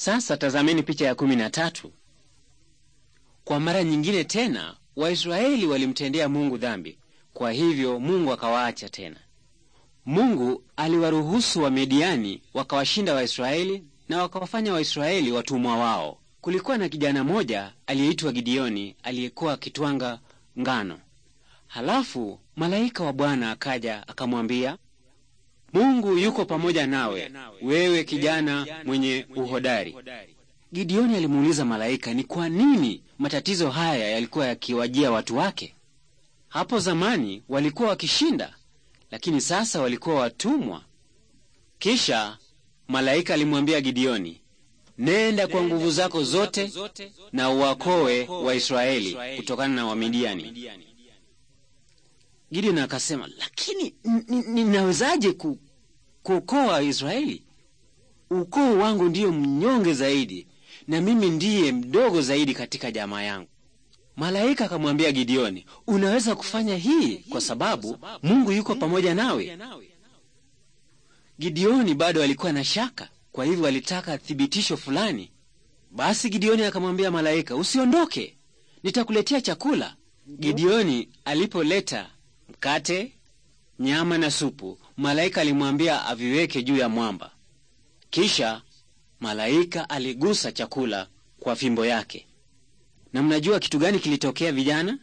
Sasa tazameni picha ya kumi na tatu. Kwa mara nyingine tena Waisraeli walimtendea Mungu dhambi, kwa hivyo Mungu akawaacha tena. Mungu aliwaruhusu Wamidiani wakawashinda Waisraeli na wakawafanya Waisraeli watumwa wao. Kulikuwa na kijana moja aliyeitwa gidioni aliyekuwa akitwanga ngano. Halafu malaika wa Bwana akaja akamwambia, Mungu yuko pamoja nawe, wewe kijana mwenye uhodari. Gideoni alimuuliza malaika ni kwa nini matatizo haya yalikuwa yakiwajia watu wake. Hapo zamani walikuwa wakishinda, lakini sasa walikuwa watumwa. Kisha malaika alimwambia Gideoni, nenda kwa nguvu zako zote na uwakoe Waisraeli kutokana na Wamidiani. Gideoni akasema, lakini ninawezaje ku ukoo Israeli. Ukoo wangu ndiyo mnyonge zaidi, na mimi ndiye mdogo zaidi katika jamaa yangu. Malaika akamwambia Gideoni, unaweza kufanya hii kwa sababu Mungu yuko pamoja nawe. Gideoni bado alikuwa na shaka, kwa hivyo alitaka thibitisho fulani. Basi Gideoni akamwambia malaika, usiondoke, nitakuletea chakula. Gideoni alipoleta mkate, nyama na supu, malaika alimwambia aviweke juu ya mwamba. Kisha malaika aligusa chakula kwa fimbo yake. Na mnajua kitu gani kilitokea vijana?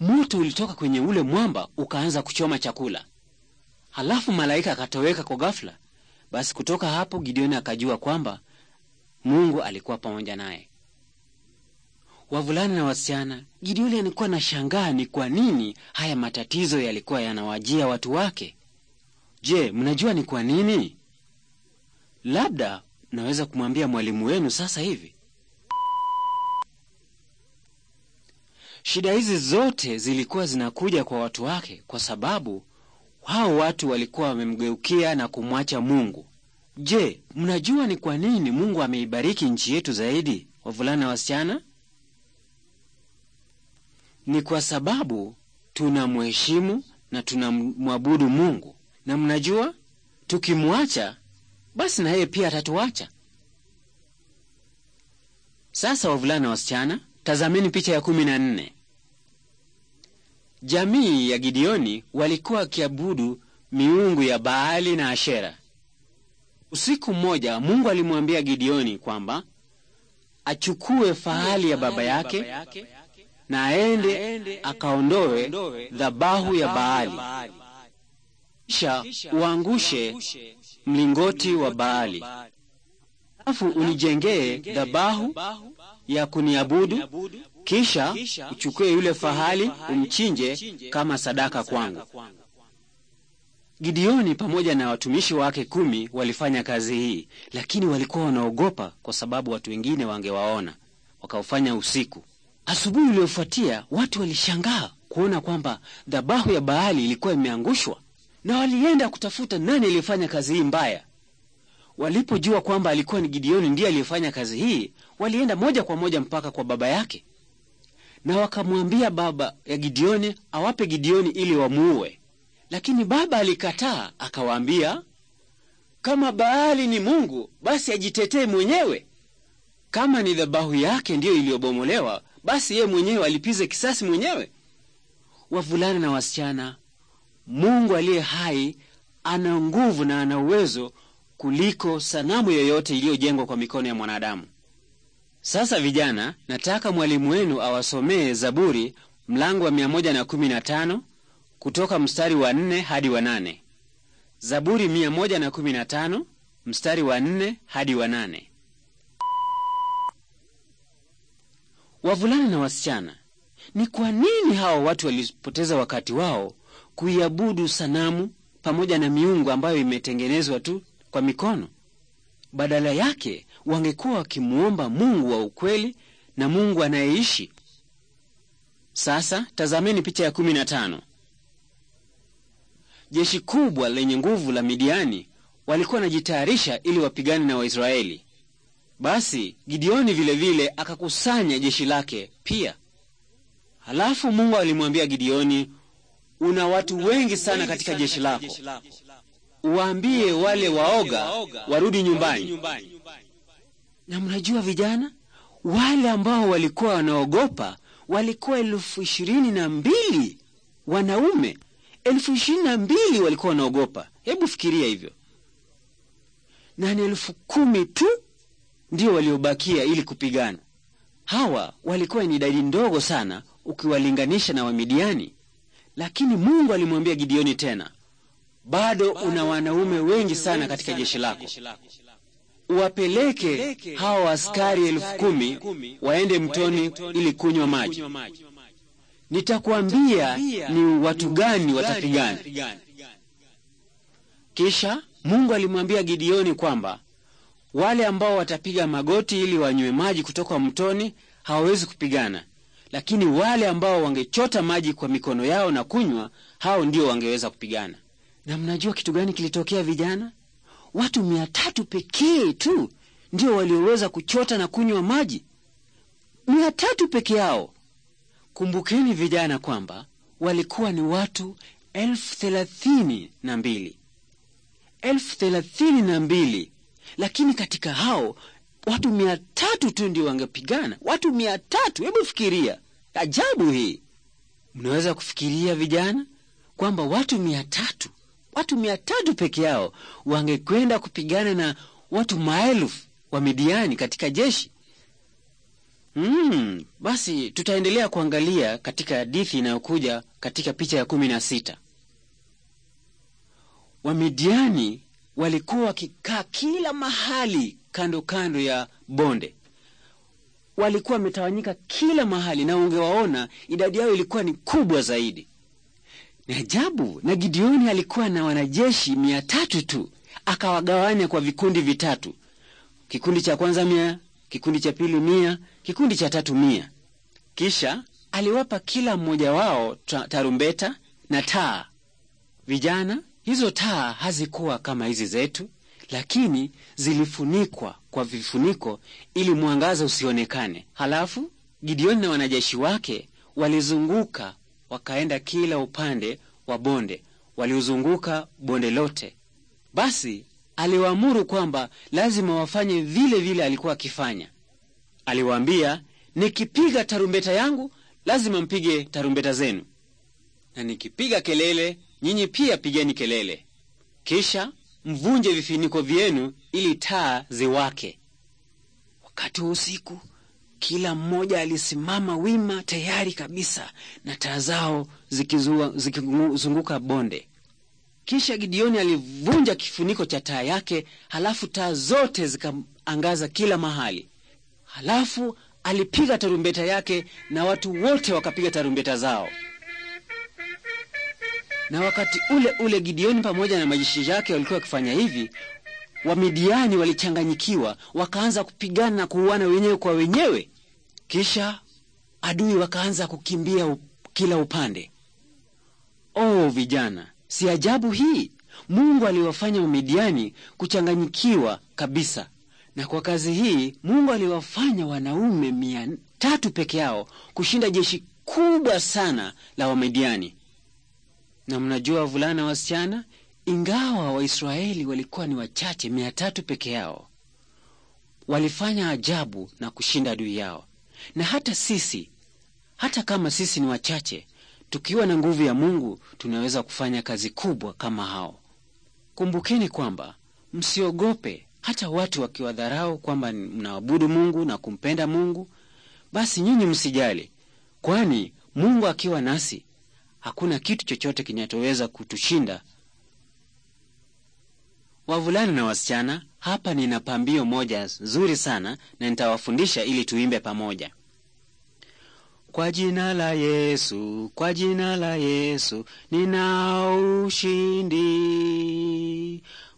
Moto ulitoka kwenye ule mwamba ukaanza kuchoma chakula, halafu malaika akatoweka kwa ghafla. Basi kutoka hapo Gideoni akajua kwamba Mungu alikuwa pamoja naye. Wavulana na wasichana, Gideoni alikuwa shangaa ni kwa nini haya matatizo yalikuwa yanawajia watu wake. Je, mnajua ni kwa nini? Labda naweza kumwambia mwalimu wenu sasa hivi. Shida hizi zote zilikuwa zinakuja kwa watu wake kwa sababu hao watu walikuwa wamemgeukia na kumwacha Mungu. Je, mnajua ni kwa nini Mungu ameibariki nchi yetu zaidi, wavulana wasichana? Ni kwa sababu tunamheshimu na tunamwabudu Mungu na mnajua tukimwacha basi na yeye pia atatuacha. Sasa wavulana wasichana, tazameni picha ya kumi na nne. Jamii ya Gideoni walikuwa wakiabudu miungu ya Baali na Ashera. Usiku mmoja Mungu alimwambia Gideoni kwamba achukue fahali ya baba yake na aende akaondoe dhabahu ya Baali kisha uangushe mlingoti wa Baali, alafu unijengee dhabahu ya kuniabudu, kisha uchukue yule fahali umchinje kama sadaka kwangu. Gideoni pamoja na watumishi wake kumi walifanya kazi hii, lakini walikuwa wanaogopa kwa sababu watu wengine wangewaona. Wakaufanya usiku. Asubuhi iliyofuatia watu walishangaa kuona kwamba dhabahu ya Baali ilikuwa imeangushwa na walienda kutafuta nani aliyefanya kazi hii mbaya. Walipojua kwamba alikuwa ni Gideoni ndiye aliyefanya kazi hii, walienda moja kwa moja mpaka kwa baba yake, na wakamwambia baba ya Gideoni awape Gideoni ili wamuue, lakini baba alikataa, akawaambia, kama Baali ni mungu, basi ajitetee mwenyewe. Kama ni dhabahu yake ndiyo iliyobomolewa, basi yeye mwenyewe alipize kisasi mwenyewe. Wavulana na wasichana Mungu aliye hai ana nguvu na ana uwezo kuliko sanamu yoyote iliyojengwa kwa mikono ya mwanadamu. Sasa vijana, nataka mwalimu wenu awasomee Zaburi mlango wa 115 kutoka mstari wa 4 hadi wa 8. Zaburi 115 mstari wa 4 hadi wa 8. Wavulana na wasichana, ni kwa nini hawa watu walipoteza wakati wao kuiabudu sanamu pamoja na miungu ambayo imetengenezwa tu kwa mikono. Badala yake wangekuwa wakimwomba Mungu wa ukweli na Mungu anayeishi. Sasa tazameni picha ya kumi na tano. Jeshi kubwa lenye nguvu la Midiani walikuwa wanajitayarisha ili wapigane na Waisraeli. Basi Gideoni vilevile akakusanya jeshi lake pia. Halafu Mungu alimwambia Gideoni, una watu wengi sana katika jeshi lako, uwaambie wale waoga warudi nyumbani. Na mnajua vijana wale ambao walikuwa wanaogopa walikuwa elfu ishirini na mbili wanaume elfu ishirini na mbili walikuwa wanaogopa. Hebu fikiria hivyo, na ni elfu kumi tu ndio waliobakia ili kupigana. Hawa walikuwa ni idadi ndogo sana ukiwalinganisha na Wamidiani. Lakini Mungu alimwambia Gideoni tena, bado una wanaume wengi sana katika jeshi lako, uwapeleke hawa askari elfu kumi waende mtoni ili kunywa maji. Nitakuambia ni watu gani watapigana. Kisha Mungu alimwambia Gideoni kwamba wale ambao watapiga magoti ili wanywe maji kutoka mtoni hawawezi kupigana, lakini wale ambao wangechota maji kwa mikono yao na kunywa, hao ndio wangeweza kupigana. Na mnajua kitu gani kilitokea vijana? Watu mia tatu pekee tu ndio walioweza kuchota na kunywa maji, mia tatu peke yao. Kumbukeni vijana kwamba walikuwa ni watu elfu thelathini na mbili elfu thelathini na mbili lakini katika hao watu mia tatu tu ndio wangepigana, watu mia tatu. Hebu fikiria, ajabu hii. Mnaweza kufikiria vijana, kwamba watu mia tatu watu mia tatu peke yao wangekwenda kupigana na watu maelfu wa Midiani katika jeshi Hmm, Basi tutaendelea kuangalia katika hadithi inayokuja katika picha ya kumi na sita. Wamidiani walikuwa wakikaa kila mahali kando kando ya bonde. Walikuwa wametawanyika kila mahali, na ungewaona idadi yao ilikuwa ni kubwa zaidi. Ni ajabu. Na Gideoni alikuwa na wanajeshi mia tatu tu, akawagawanya kwa vikundi vitatu, kikundi cha kwanza mia, kikundi cha pili mia, kikundi cha tatu mia. Kisha aliwapa kila mmoja wao tarumbeta na taa. Vijana, hizo taa hazikuwa kama hizi zetu lakini zilifunikwa kwa vifuniko ili mwangaza usionekane. Halafu Gideoni na wanajeshi wake walizunguka, wakaenda kila upande wa bonde, waliuzunguka bonde lote. Basi aliwaamuru kwamba lazima wafanye vile vile alikuwa akifanya. Aliwaambia, nikipiga tarumbeta yangu lazima mpige tarumbeta zenu, na nikipiga kelele nyinyi pia pigeni kelele. Kisha mvunje vifuniko vyenu ili taa ziwake. Wakati wa usiku, kila mmoja alisimama wima tayari kabisa na taa zao zikizunguka bonde. Kisha Gideoni alivunja kifuniko cha taa yake, halafu taa zote zikaangaza kila mahali. Halafu alipiga tarumbeta yake na watu wote wakapiga tarumbeta zao. Na wakati ule ule Gideoni pamoja na majeshi yake walikuwa wakifanya hivi, Wamidiani walichanganyikiwa, wakaanza kupigana na kuuana wenyewe kwa wenyewe. Kisha adui wakaanza kukimbia up, kila upande. Oh vijana, si ajabu hii! Mungu aliwafanya Wamidiani kuchanganyikiwa kabisa, na kwa kazi hii Mungu aliwafanya wanaume mia tatu peke yao kushinda jeshi kubwa sana la Wamidiani na mnajua wavulana wasichana, ingawa Waisraeli walikuwa ni wachache, mia tatu peke yao, walifanya ajabu na kushinda adui yao. Na hata sisi, hata kama sisi ni wachache, tukiwa na nguvu ya Mungu tunaweza kufanya kazi kubwa kama hao. Kumbukeni kwamba msiogope hata watu wakiwadharau kwamba mnaabudu Mungu na kumpenda Mungu, basi nyinyi msijali, kwani Mungu akiwa nasi hakuna kitu chochote kinachoweza kutushinda. Wavulana na wasichana, hapa nina pambio moja nzuri sana na nitawafundisha ili tuimbe pamoja. Kwa jina la Yesu, kwa jina la Yesu nina ushindi.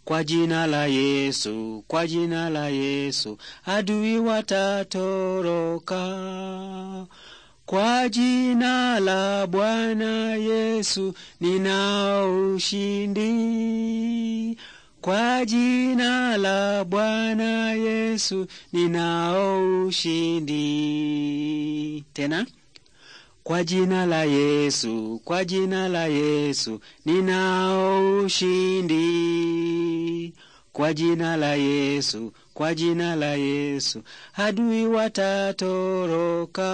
Kwa jina la Yesu, kwa jina la Yesu adui watatoroka. Kwa jina la Bwana Yesu nina ushindi. Kwa jina la Bwana Yesu ninao ushindi. Tena, kwa jina la Yesu, kwa jina la Yesu ninao ushindi. Kwa jina la Yesu kwa jina la Yesu. Adui watatoroka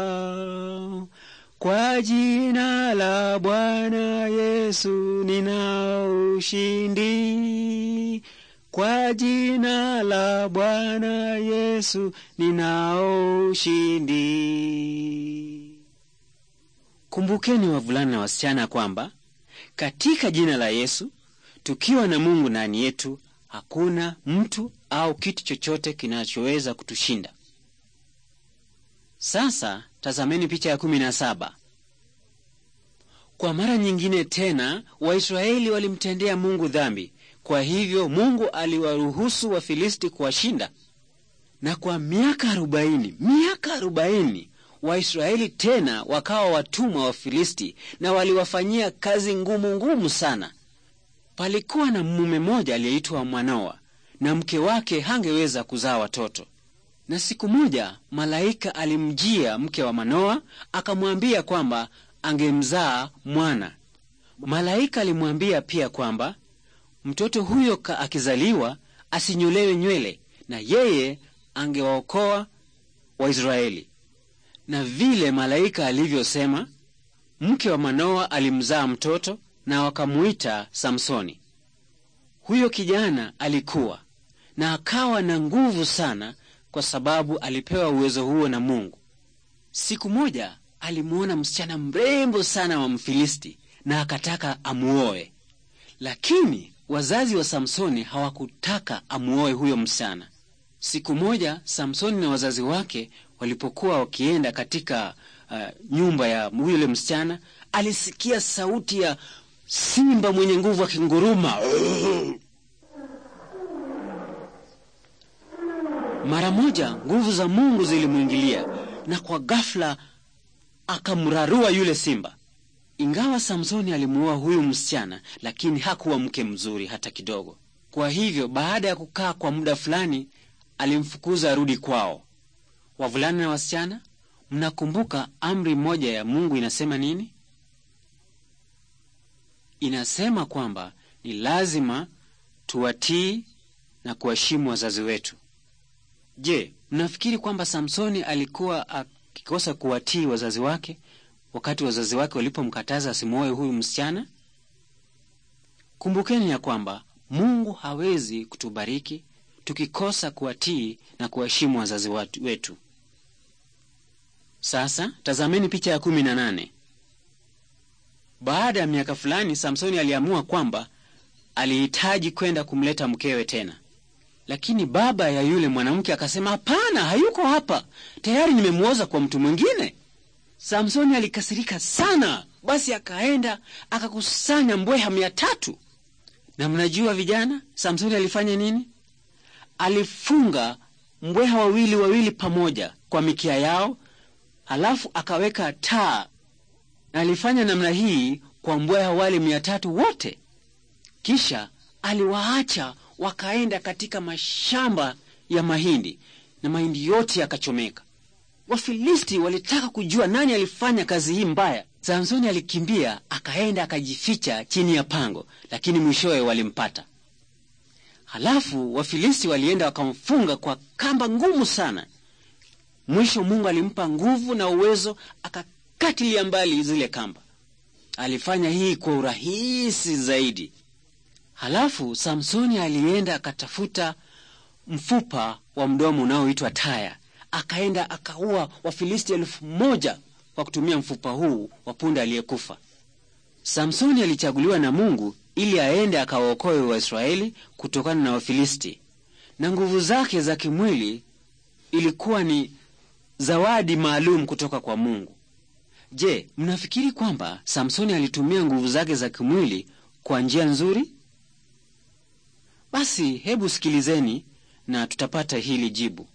kwa jina la Bwana Yesu nina ushindi. Kwa jina la Bwana Yesu nina ushindi. Kumbukeni wavulana na wasichana kwamba katika jina la Yesu tukiwa na Mungu ndani yetu hakuna mtu au kitu chochote kinachoweza kutushinda. Sasa tazameni picha ya kumi na saba. Kwa mara nyingine tena Waisraeli walimtendea Mungu dhambi, kwa hivyo Mungu aliwaruhusu Wafilisti kuwashinda, na kwa miaka arobaini miaka arobaini Waisraeli tena wakawa watumwa wa Filisti na waliwafanyia kazi ngumu ngumu sana. Palikuwa na mume mmoja aliyeitwa Manoa na mke wake hangeweza kuzaa watoto. Na siku moja malaika alimjia mke wa Manoa akamwambia kwamba angemzaa mwana. Malaika alimwambia pia kwamba mtoto huyo ka akizaliwa asinyolewe nywele, na yeye angewaokoa Waisraeli. Na vile malaika alivyosema, mke wa Manoa alimzaa mtoto na wakamuita Samsoni. Huyo kijana alikuwa na akawa na nguvu sana kwa sababu alipewa uwezo huo na Mungu. Siku moja alimwona msichana mrembo sana wa Mfilisti na akataka amuoe, lakini wazazi wa Samsoni hawakutaka amuoe huyo msichana. Siku moja Samsoni na wazazi wake walipokuwa wakienda katika uh, nyumba ya yule msichana, alisikia sauti ya simba mwenye nguvu akinguruma Mara moja nguvu za Mungu zilimwingilia na kwa ghafla akamrarua yule simba. Ingawa Samsoni alimuua huyu msichana, lakini hakuwa mke mzuri hata kidogo. Kwa hivyo baada ya kukaa kwa muda fulani, alimfukuza arudi kwao. Wavulana na wasichana, mnakumbuka amri moja ya Mungu inasema nini? Inasema kwamba ni lazima tuwatii na kuheshimu wazazi wetu. Je, mnafikiri kwamba Samsoni alikuwa akikosa kuwatii wazazi wake wakati wazazi wake walipomkataza asimuoe huyu msichana? Kumbukeni ya kwamba Mungu hawezi kutubariki tukikosa kuwatii na kuwaheshimu wazazi wetu. Sasa tazameni picha ya kumi na nane. Baada ya miaka fulani, Samsoni aliamua kwamba alihitaji kwenda kumleta mkewe tena. Lakini baba ya yule mwanamke akasema, hapana, hayuko hapa, tayari nimemwoza kwa mtu mwingine. Samsoni alikasirika sana, basi akaenda akakusanya mbweha mia tatu. Na mnajua vijana, Samsoni alifanya nini? Alifunga mbweha wawili wawili pamoja kwa mikia yao, alafu akaweka taa, na alifanya namna hii kwa mbweha wale mia tatu wote. Kisha aliwaacha wakaenda katika mashamba ya mahindi na mahindi yote yakachomeka. Wafilisti walitaka kujua nani alifanya kazi hii mbaya. Samsoni alikimbia akaenda akajificha chini ya pango, lakini mwishowe walimpata. Halafu Wafilisti walienda wakamfunga kwa kamba ngumu sana. Mwisho Mungu alimpa nguvu na uwezo, akakatilia mbali zile kamba. Alifanya hii kwa urahisi zaidi. Halafu Samsoni alienda akatafuta mfupa wa mdomo unaoitwa taya, akaenda akaua Wafilisti elfu moja kwa kutumia mfupa huu wa punda aliyekufa. Samsoni alichaguliwa na Mungu ili aende akawaokoe Waisraeli kutokana na Wafilisti, na nguvu zake za kimwili ilikuwa ni zawadi maalum kutoka kwa Mungu. Je, mnafikiri kwamba Samsoni alitumia nguvu zake za kimwili kwa njia nzuri? Basi hebu sikilizeni na tutapata hili jibu.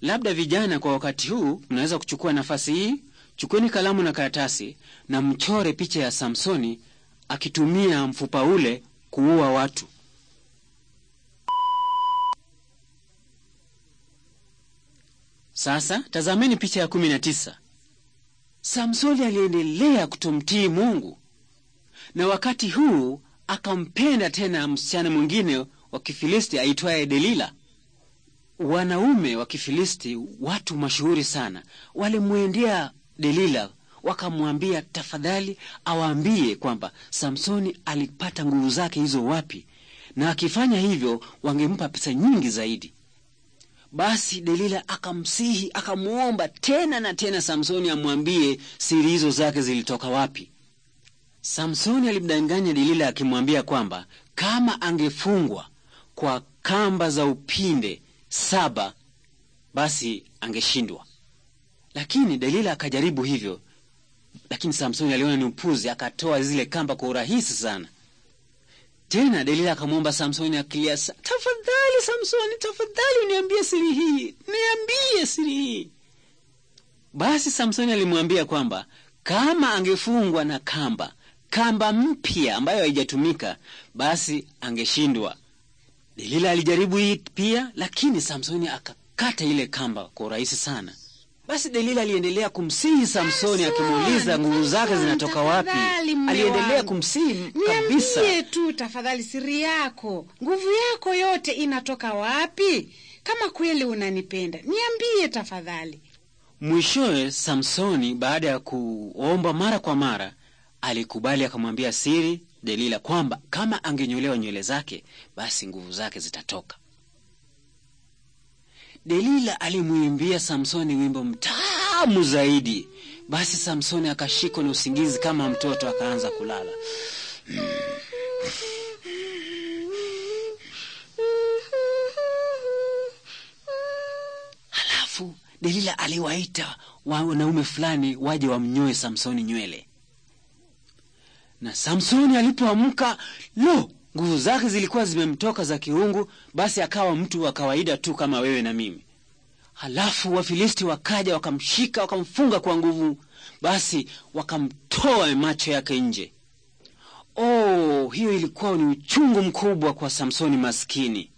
Labda vijana kwa wakati huu mnaweza kuchukua nafasi hii, chukueni kalamu na karatasi na mchore picha ya Samsoni akitumia mfupa ule kuua watu. Sasa tazameni picha ya kumi na tisa. Samsoni aliendelea kutomtii Mungu na wakati huu akampenda tena msichana mwingine wa Kifilisti aitwaye Delila. Wanaume wa Kifilisti, watu mashuhuri sana, walimwendea Delila wakamwambia tafadhali awaambie kwamba Samsoni alipata nguvu zake hizo wapi, na akifanya hivyo wangempa pesa nyingi zaidi. Basi Delila akamsihi akamwomba tena na tena Samsoni amwambie siri hizo zake zilitoka wapi. Samsoni alimdanganya Delila akimwambia kwamba kama angefungwa kwa kamba za upinde saba, basi angeshindwa. Lakini Delila akajaribu hivyo, lakini Samsoni aliona ni upuzi, akatoa zile kamba kwa urahisi sana. Tena Delila akamwomba Samsoni akilia, tafadhali Samsoni, tafadhali uniambie siri hii, niambie siri hii. Basi Samsoni alimwambia kwamba kama angefungwa na kamba kamba mpya ambayo haijatumika, basi angeshindwa. Delila alijaribu hii pia, lakini Samsoni akakata ile kamba kwa urahisi sana. Basi Delila aliendelea kumsihi Samsoni akimuuliza nguvu zake zinatoka wapi. Aliendelea kumsihi kabisa. Niambie tu tafadhali, siri yako, nguvu yako yote inatoka wapi? Kama kweli unanipenda, niambie tafadhali. Mwishowe Samsoni baada ya kuomba mara kwa mara alikubali, akamwambia siri Delila kwamba kama angenyolewa nywele zake basi nguvu zake zitatoka. Delila alimwimbia Samsoni wimbo mtamu zaidi. Basi Samsoni akashikwa na usingizi kama mtoto, akaanza kulala. Halafu Delila aliwaita wanaume fulani waje wamnyoe Samsoni nywele. Na Samsoni alipoamka, lo, nguvu zake zilikuwa zimemtoka za kiungu, basi akawa mtu wa kawaida tu kama wewe na mimi. Halafu Wafilisti wakaja wakamshika, wakamfunga kwa nguvu, basi wakamtoa macho yake nje. Oh, hiyo ilikuwa ni uchungu mkubwa kwa Samsoni maskini.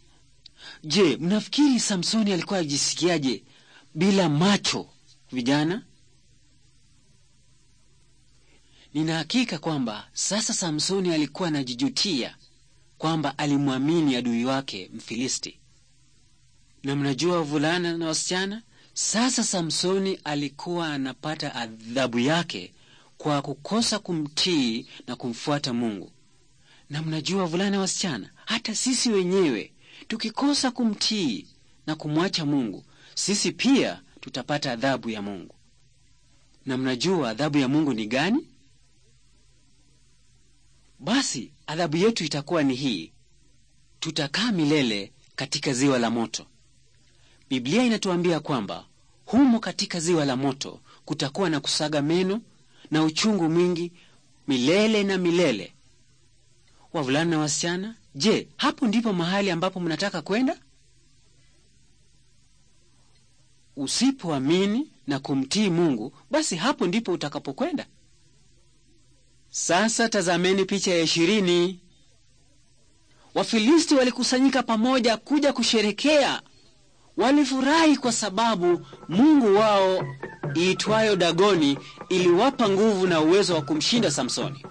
Je, mnafikiri Samsoni alikuwa ajisikiaje bila macho, vijana? Nina hakika kwamba sasa Samsoni alikuwa anajijutia kwamba alimwamini adui wake Mfilisti. Na mnajua wavulana na wasichana, sasa Samsoni alikuwa anapata adhabu yake kwa kukosa kumtii na kumfuata Mungu. Na mnajua wavulana, wasichana, hata sisi wenyewe tukikosa kumtii na kumwacha Mungu, sisi pia tutapata adhabu ya Mungu. Na mnajua adhabu ya Mungu ni gani? Basi adhabu yetu itakuwa ni hii, tutakaa milele katika ziwa la moto. Biblia inatuambia kwamba humo katika ziwa la moto kutakuwa na kusaga meno na uchungu mwingi milele na milele. Wavulana na wasichana, je, hapo ndipo mahali ambapo mnataka kwenda? Usipoamini na kumtii Mungu, basi hapo ndipo utakapokwenda. Sasa tazameni picha ya ishirini. Wafilisti walikusanyika pamoja kuja kusherekea. Walifurahi kwa sababu mungu wao iitwayo Dagoni iliwapa nguvu na uwezo wa kumshinda Samsoni.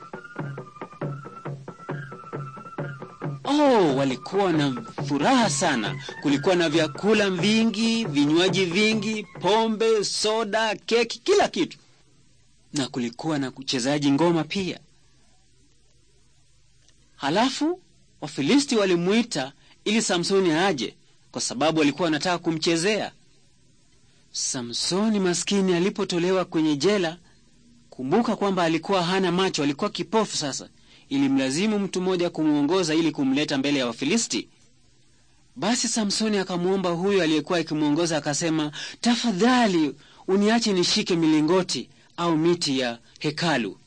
Oh, walikuwa na furaha sana. Kulikuwa na vyakula vingi, vinywaji vingi, pombe, soda, keki, kila kitu na kulikuwa na kuchezaji ngoma pia. Halafu Wafilisti walimwita ili Samsoni aje, kwa sababu walikuwa wanataka kumchezea. Samsoni maskini alipotolewa kwenye jela, kumbuka kwamba alikuwa hana macho, alikuwa kipofu. Sasa ilimlazimu mtu mmoja kumwongoza ili kumleta mbele ya Wafilisti. Basi Samsoni akamwomba huyo aliyekuwa akimwongoza, akasema, tafadhali uniache nishike milingoti au miti ya hekalu.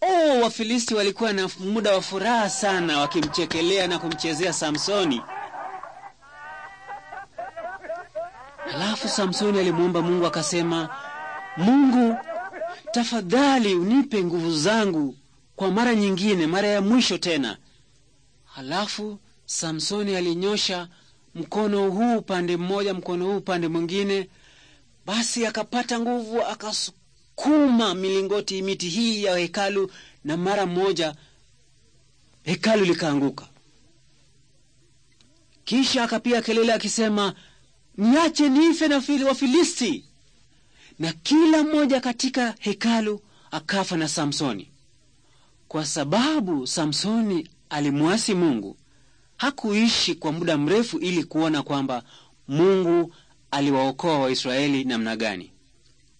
Oh, Wafilisti walikuwa na muda wa furaha sana wakimchekelea na kumchezea Samsoni. alafu Samsoni alimwomba Mungu akasema, Mungu tafadhali unipe nguvu zangu kwa mara nyingine, mara ya mwisho tena. Halafu Samsoni alinyosha mkono huu upande mmoja, mkono huu upande mwingine, basi akapata nguvu, akas kuma milingoti miti hii ya hekalu, na mara moja hekalu likaanguka. Kisha akapiga kelele akisema, niache nife na Wafilisti, na kila mmoja katika hekalu akafa na Samsoni. Kwa sababu Samsoni alimwasi Mungu, hakuishi kwa muda mrefu ili kuona kwamba Mungu aliwaokoa Waisraeli namna gani.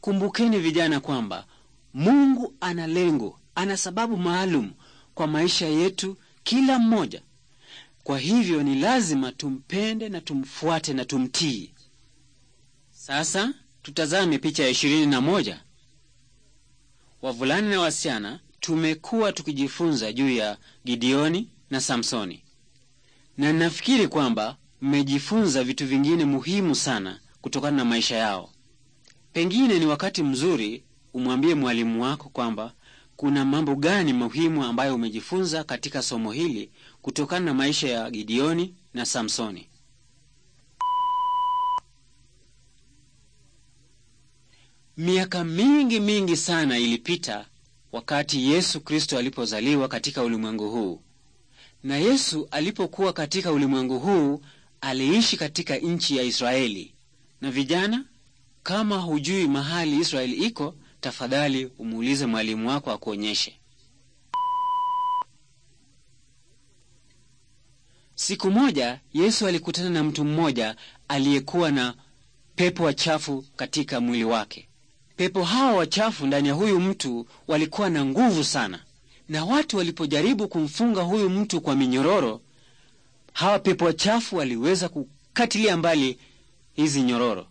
Kumbukeni vijana kwamba Mungu ana lengo, ana sababu maalum kwa maisha yetu kila mmoja. Kwa hivyo ni lazima tumpende na tumfuate na tumtii. Sasa tutazame picha ya ishirini na moja. Wavulani na wasichana, tumekuwa tukijifunza juu ya Gideoni na Samsoni, na nafikiri kwamba mmejifunza vitu vingine muhimu sana kutokana na maisha yao. Pengine ni wakati mzuri umwambie mwalimu wako kwamba kuna mambo gani muhimu ambayo umejifunza katika somo hili kutokana na maisha ya Gideoni na Samsoni. Miaka mingi mingi sana ilipita wakati Yesu Kristo alipozaliwa katika ulimwengu huu. Na Yesu alipokuwa katika ulimwengu huu, aliishi katika nchi ya Israeli. Na vijana kama hujui mahali Israeli iko, tafadhali umuulize mwalimu wako akuonyeshe. Siku moja Yesu alikutana na mtu mmoja aliyekuwa na pepo wachafu katika mwili wake. Pepo hawa wachafu ndani ya huyu mtu walikuwa na nguvu sana, na watu walipojaribu kumfunga huyu mtu kwa minyororo, hawa pepo wachafu waliweza kukatilia mbali hizi nyororo.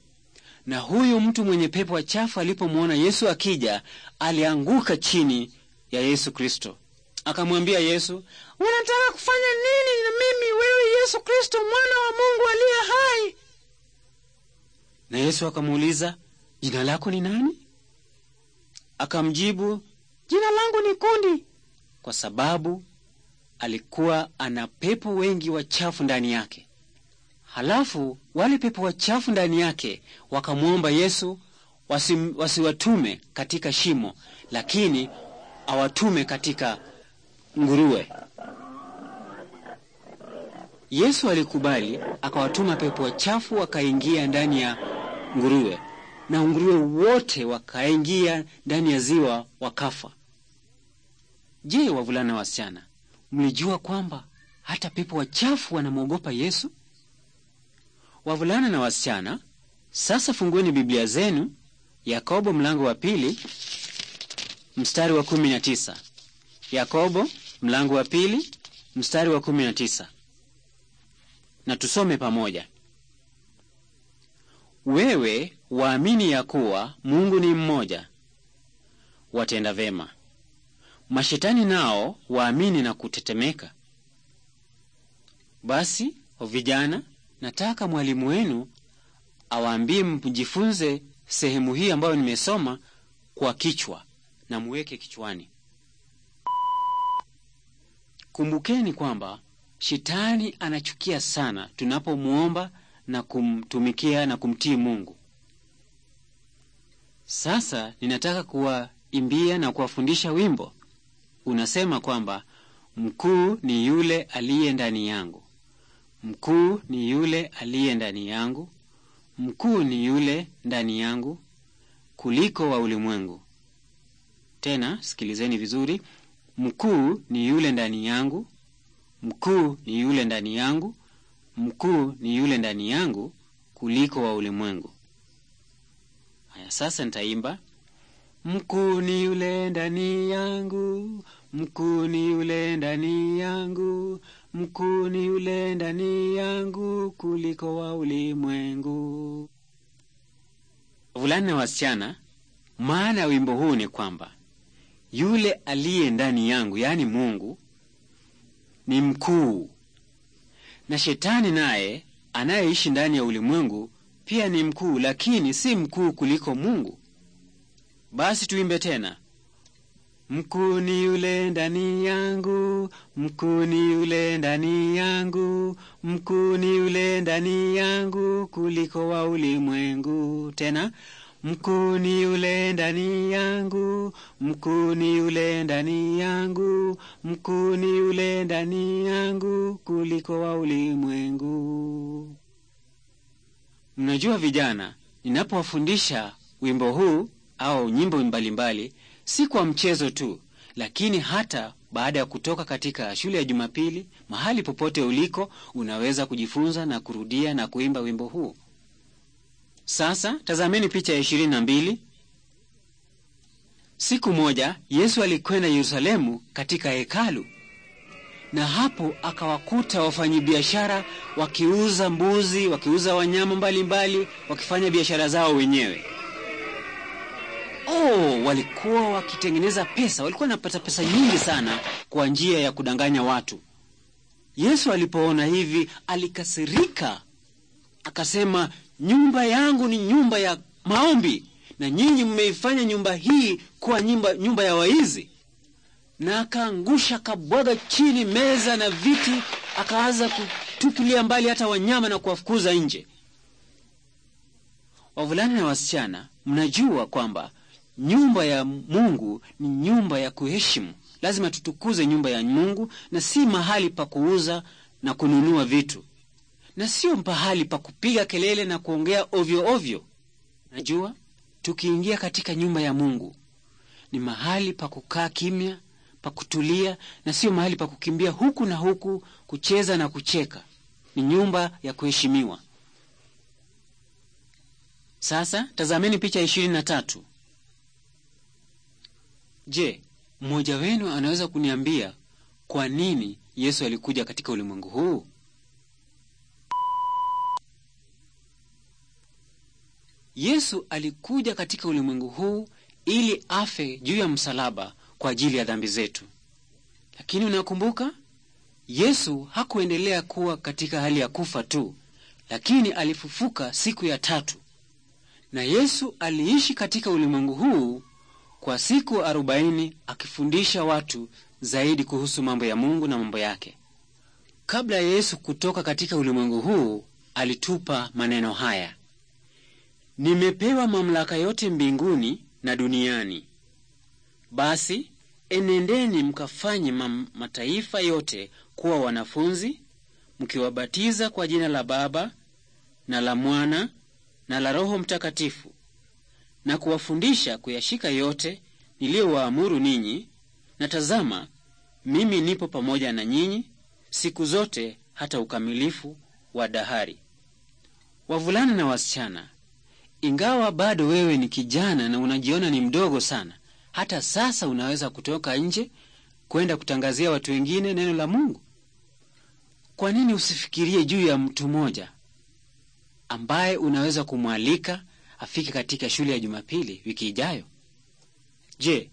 Na huyu mtu mwenye pepo wachafu alipomwona Yesu akija, alianguka chini ya Yesu Kristo, akamwambia Yesu, unataka kufanya nini na mimi, wewe Yesu Kristo, mwana wa Mungu aliye hai? Na Yesu akamuuliza, jina lako ni nani? Akamjibu, jina langu ni Kundi, kwa sababu alikuwa ana pepo wengi wachafu ndani yake. Halafu wale pepo wachafu ndani yake wakamwomba Yesu wasi, wasiwatume katika shimo, lakini awatume katika nguruwe. Yesu alikubali, akawatuma pepo wachafu wakaingia ndani ya nguruwe, na nguruwe wote wakaingia ndani ya ziwa wakafa. Je, wavulana wasichana, mlijua kwamba hata pepo wachafu wanamwogopa Yesu? Wavulana na wasichana, sasa fungueni Biblia zenu Yakobo mlango wa pili mstari wa 19. Yakobo mlango wa pili mstari wa 19. Na tusome pamoja. Wewe waamini ya kuwa Mungu ni mmoja, watenda vema. Mashetani nao waamini na kutetemeka. Basi vijana nataka mwalimu wenu awaambie mjifunze sehemu hii ambayo nimesoma kwa kichwa na muweke kichwani. Kumbukeni kwamba shetani anachukia sana tunapomwomba na kumtumikia na kumtii Mungu. Sasa ninataka kuwaimbia na kuwafundisha wimbo unasema kwamba mkuu ni yule aliye ndani yangu. Mkuu ni yule aliye ndani yangu, mkuu ni yule ndani yangu kuliko wa ulimwengu. Tena sikilizeni vizuri, mkuu ni yule ndani yangu, mkuu ni yule ndani yangu, mkuu ni yule ndani yangu kuliko wa ulimwengu. Haya, sasa nitaimba Mkuu ni yule ndani yangu, mkuu ni yule ndani yangu, mkuu ni yule ndani yangu kuliko wa ulimwengu. Wavulana na wasichana, maana ya wimbo huu ni kwamba yule aliye ndani yangu, yaani Mungu, ni mkuu, na shetani naye anayeishi ndani ya ulimwengu pia ni mkuu, lakini si mkuu kuliko Mungu. Basi tuimbe tena. Mkuu ni yule ndani yangu, mkuu ni yule ndani yangu, mkuu ni yule ndani yangu kuliko wa ulimwengu. Tena, mkuu ni yule ndani yangu, mkuu ni yule ndani yangu, mkuu ni yule ndani yangu kuliko wa ulimwengu. Mnajua vijana, ninapowafundisha wimbo huu au nyimbo mbalimbali mbali, si kwa mchezo tu, lakini hata baada ya kutoka katika shule ya Jumapili, mahali popote uliko, unaweza kujifunza na kurudia na kuimba wimbo huu. Sasa tazameni picha ya ishirini na mbili. Siku moja Yesu alikwenda Yerusalemu katika hekalu, na hapo akawakuta wafanyabiashara wakiuza mbuzi, wakiuza wanyama mbalimbali wakifanya biashara zao wenyewe. Oh, walikuwa wakitengeneza pesa, walikuwa wanapata pesa nyingi sana kwa njia ya kudanganya watu. Yesu alipoona hivi alikasirika, akasema, nyumba yangu ni nyumba ya maombi na nyinyi mmeifanya nyumba hii kuwa nyumba, nyumba ya waizi. Na akaangusha akabwaga chini meza na viti, akaanza kutupilia mbali hata wanyama na kuwafukuza nje. Wavulana na wasichana, mnajua kwamba nyumba ya Mungu ni nyumba ya kuheshimu. Lazima tutukuze nyumba ya Mungu na si mahali pa kuuza na kununua vitu, na sio mahali pa kupiga kelele na kuongea ovyo ovyo. Najua tukiingia katika nyumba ya Mungu ni mahali pa kukaa kimya, pa kutulia, na sio mahali pa kukimbia huku na huku, kucheza na kucheka. Ni nyumba ya kuheshimiwa. Sasa tazameni picha tatu. Je, mmoja wenu anaweza kuniambia kwa nini Yesu alikuja katika ulimwengu huu? Yesu alikuja katika ulimwengu huu ili afe juu ya msalaba kwa ajili ya dhambi zetu. Lakini unakumbuka, Yesu hakuendelea kuwa katika hali ya kufa tu, lakini alifufuka siku ya tatu, na Yesu aliishi katika ulimwengu huu kwa siku arobaini akifundisha watu zaidi kuhusu mambo ya Mungu na mambo yake. Kabla ya Yesu kutoka katika ulimwengu huu, alitupa maneno haya: nimepewa mamlaka yote mbinguni na duniani. Basi enendeni mkafanye mataifa yote kuwa wanafunzi, mkiwabatiza kwa jina la Baba na la Mwana na la Roho Mtakatifu, na kuwafundisha kuyashika yote niliyowaamuru ninyi, na tazama, mimi nipo pamoja na nyinyi siku zote hata ukamilifu wa dahari. Wavulana na wasichana, ingawa bado wewe ni kijana na unajiona ni mdogo sana, hata sasa unaweza kutoka nje kwenda kutangazia watu wengine neno la Mungu. Kwa nini usifikirie juu ya mtu mmoja ambaye unaweza kumwalika afike katika shule ya Jumapili wiki ijayo? Je,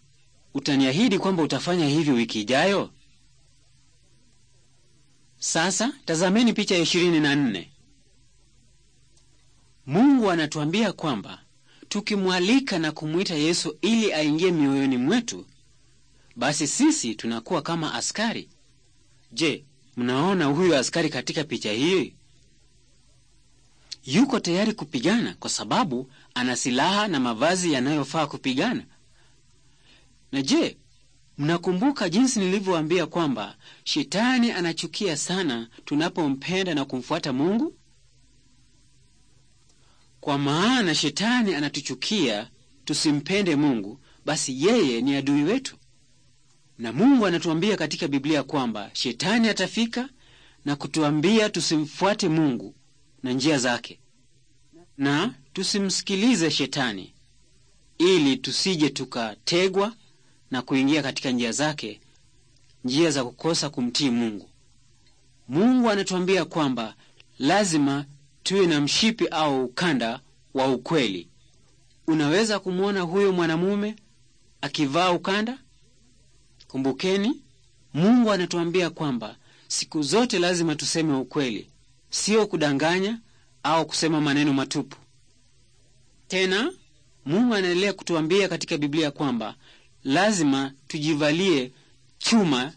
utaniahidi kwamba utafanya hivyo wiki ijayo? Sasa tazameni picha ya ishirini na nne. Mungu anatuambia kwamba tukimwalika na kumwita Yesu ili aingie mioyoni mwetu, basi sisi tunakuwa kama askari. Je, mnaona huyo askari katika picha hii? yuko tayari kupigana kwa sababu ana silaha na mavazi yanayofaa kupigana. Na je, mnakumbuka jinsi nilivyoambia kwamba shetani anachukia sana tunapompenda na kumfuata Mungu? Kwa maana shetani anatuchukia tusimpende Mungu, basi yeye ni adui wetu. Na Mungu anatuambia katika Biblia kwamba shetani atafika na kutuambia tusimfuate Mungu na njia zake, na tusimsikilize Shetani ili tusije tukategwa na kuingia katika njia zake, njia za kukosa kumtii Mungu. Mungu anatuambia kwamba lazima tuwe na mshipi au ukanda wa ukweli. Unaweza kumwona huyo mwanamume akivaa ukanda? Kumbukeni, Mungu anatuambia kwamba siku zote lazima tuseme ukweli, sio kudanganya au kusema maneno matupu. Tena Mungu anaendelea kutuambia katika Biblia kwamba lazima tujivalie chuma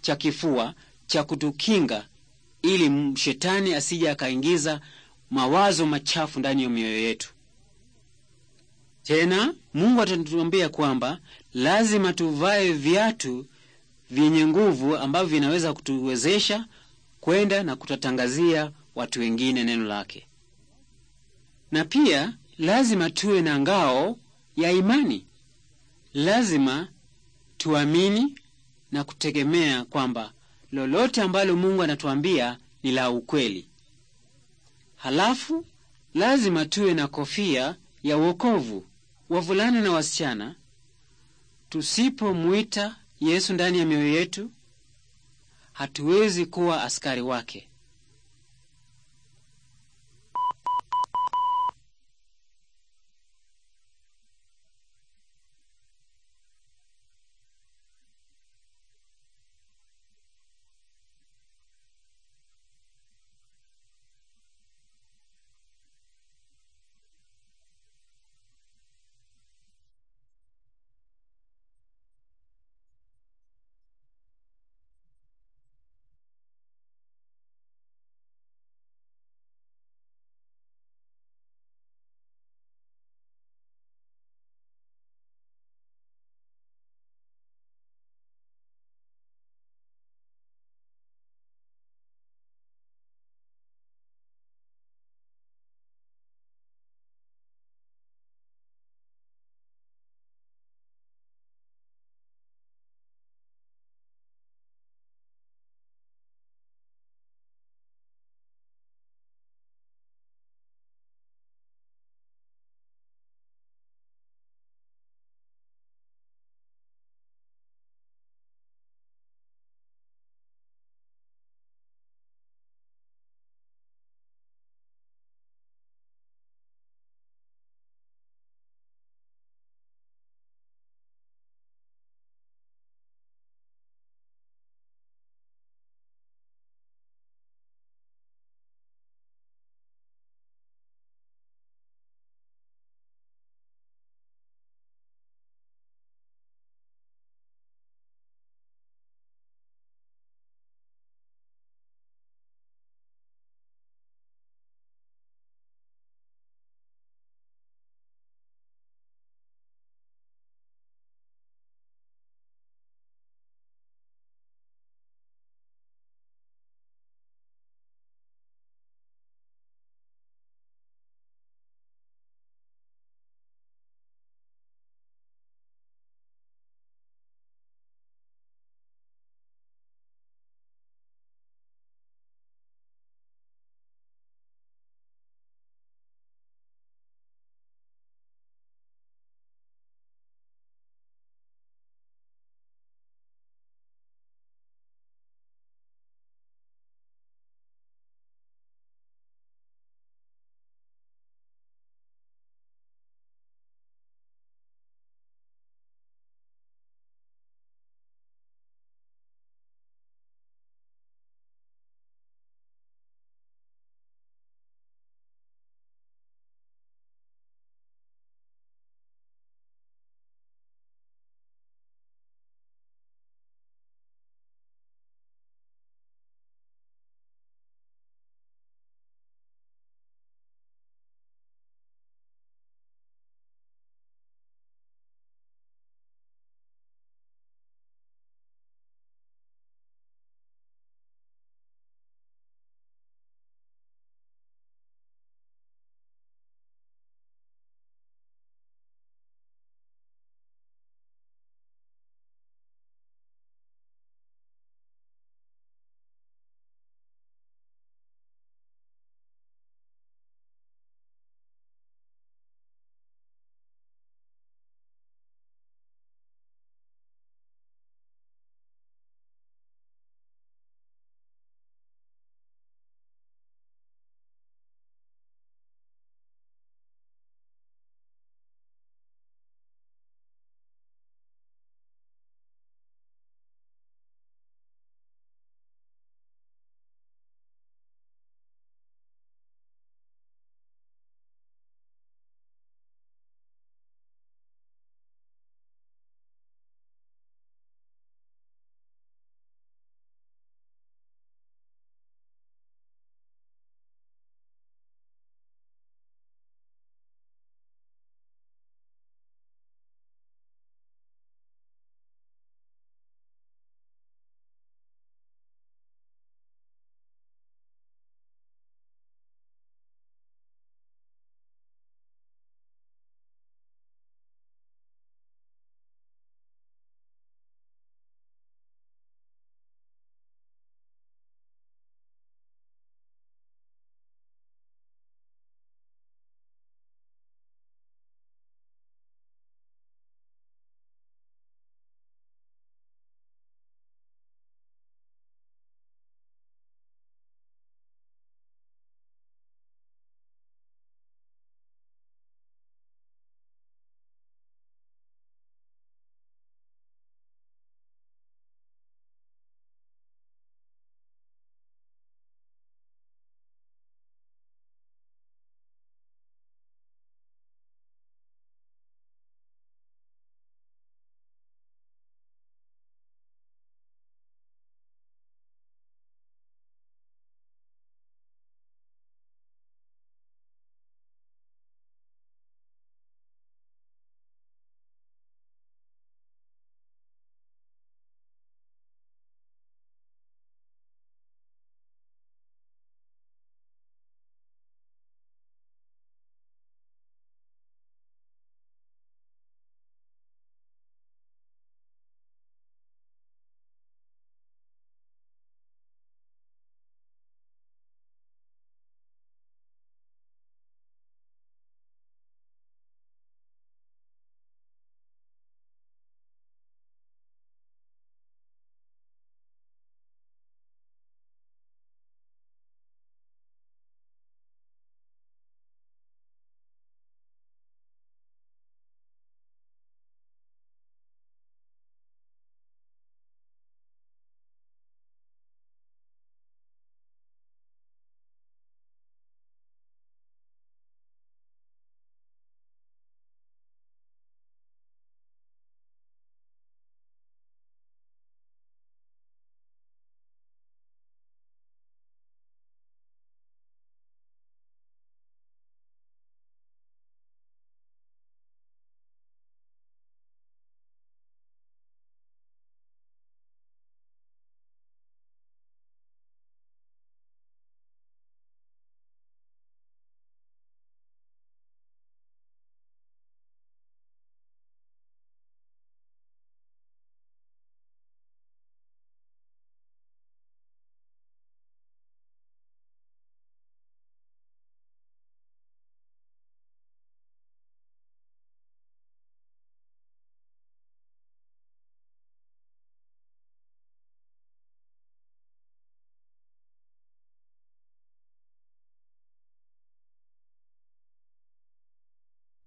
cha kifua cha kutukinga ili shetani asije akaingiza mawazo machafu ndani ya mioyo yetu. Tena Mungu atatuambia kwamba lazima tuvae viatu vyenye nguvu ambavyo vinaweza kutuwezesha kwenda na kutatangazia watu wengine neno lake. Na pia lazima tuwe na ngao ya imani. Lazima tuamini na kutegemea kwamba lolote ambalo Mungu anatuambia ni la ukweli. Halafu lazima tuwe na kofia ya wokovu. Wavulana na wasichana, tusipomwita Yesu ndani ya mioyo yetu, hatuwezi kuwa askari wake.